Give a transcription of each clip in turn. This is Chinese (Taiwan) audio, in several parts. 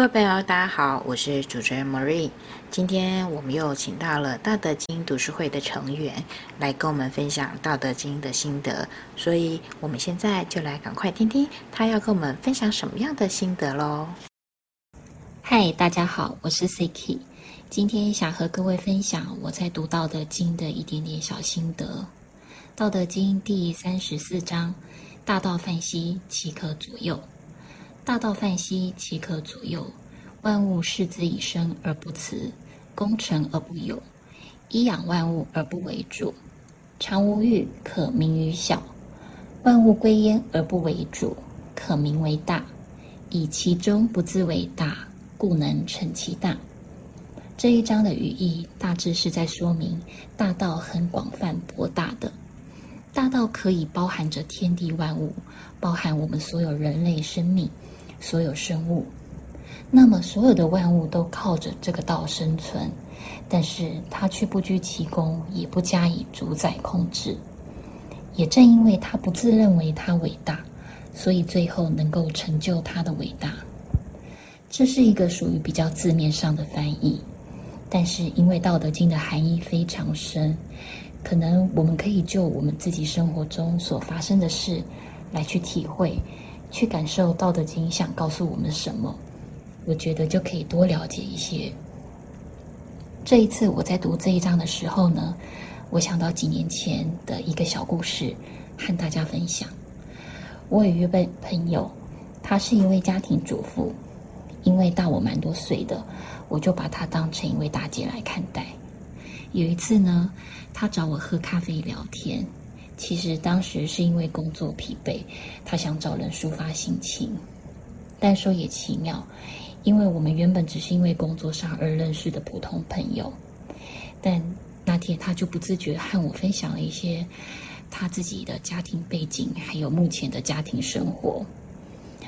各位朋友，大家好，我是主持人 Marie。今天我們又請到了道德經讀書會的成員來跟我們分享道德經的心得，所以我們現在就來趕快聽聽他要跟我們分享什麼樣的心得嘍。嗨，大家好，我是 Siki。今天想和各位分享我在讀道德經的一點點小心得。道德經第三十四章：大道泛兮，其可左右。大道泛兮，其可左右；萬物恃之以生而不辭，功成而不有，衣養萬物而不為主，常無欲，可名於小；萬物歸焉而不為主，可名為大。以其中不自為大，故能成其大。這一章的語義大致是在說明大道很廣泛博大的。大道可以包含着天地萬物，包含我們所有人類生命，所有生物。那麼，所有的萬物都靠着這個道生存，但是它卻不居其功，也不加以主宰控制。也正因為它不自認為它偉大，所以最後能夠成就它的偉大。這是一個屬於比較字面上的翻譯，但是因為《道德經》的含義非常深。可能我們可以就我們自己生活中所發生的事，來去體會，去感受《道德經》想告訴我們什麼。我覺得就可以多了解一些。這一次我在讀這一章的時候呢，我想到幾年前的一個小故事，和大家分享。我有一位朋友，他是一位家庭主婦，因為大我蠻多歲的，我就把她當成一位大姐來看待。有一次呢，他找我喝咖啡聊天。其實當時是因為工作疲憊，他想找人抒發心情。但說也奇妙，因為我們原本只是因為工作上而認識的普通朋友，但那天他就不自覺和我分享了一些他自己的家庭背景，還有目前的家庭生活。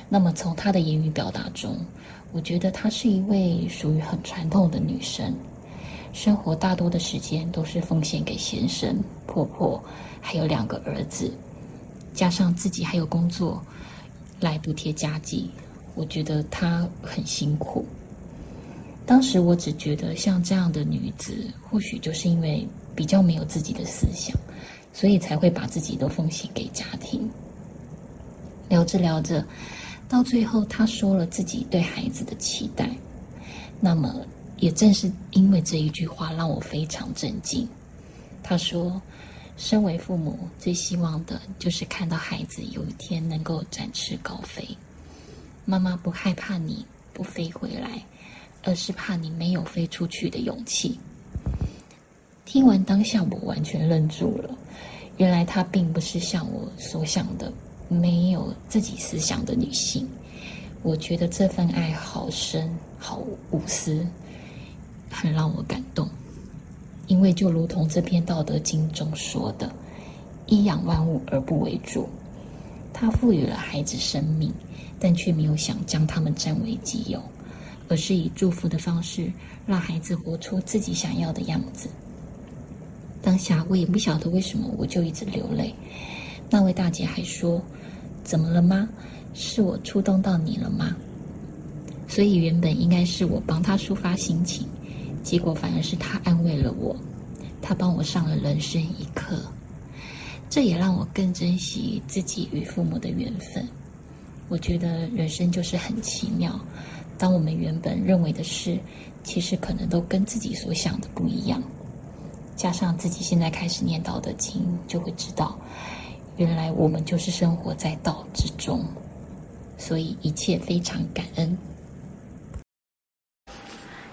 那麼從他的言語表達中，我覺得他是一位屬於很傳統的女生。生活大多的時間都是奉獻給先生、婆婆，還有兩個兒子，加上自己還有工作，來補貼家計。我覺得她很辛苦。當時我只覺得像這樣的女子，或許就是因為比較沒有自己的思想，所以才會把自己都奉獻給家庭。聊着聊着，到最後她說了自己對孩子的期待，那麼。也正是因為這一句話讓我非常震驚。她說：“身為父母，最希望的就是看到孩子有一天能夠展翅高飛。媽媽不害怕你不飛回來，而是怕你沒有飛出去的勇氣。”聽完，當下我完全愣住了。原來她並不是像我所想的沒有自己思想的女性。我覺得這份愛好深好無私。很讓我感動，因為就如同這篇《道德經》中說的：“衣養萬物而不為主。”他賦予了孩子生命，但卻沒有想將他們佔為己有，而是以祝福的方式讓孩子活出自己想要的樣子。當下我也不曉得為什麼，我就一直流淚。那位大姐還說：“怎麼了嗎？是我觸動到你了嗎？”所以原本應該是我幫他抒發心情。結果反而是他安慰了我，他幫我上了人生一課，這也讓我更珍惜自己與父母的緣分。我覺得人生就是很奇妙，當我們原本認為的事，其實可能都跟自己所想的不一樣。加上自己現在開始念道德經，就會知道，原來我們就是生活在道之中，所以一切非常感恩。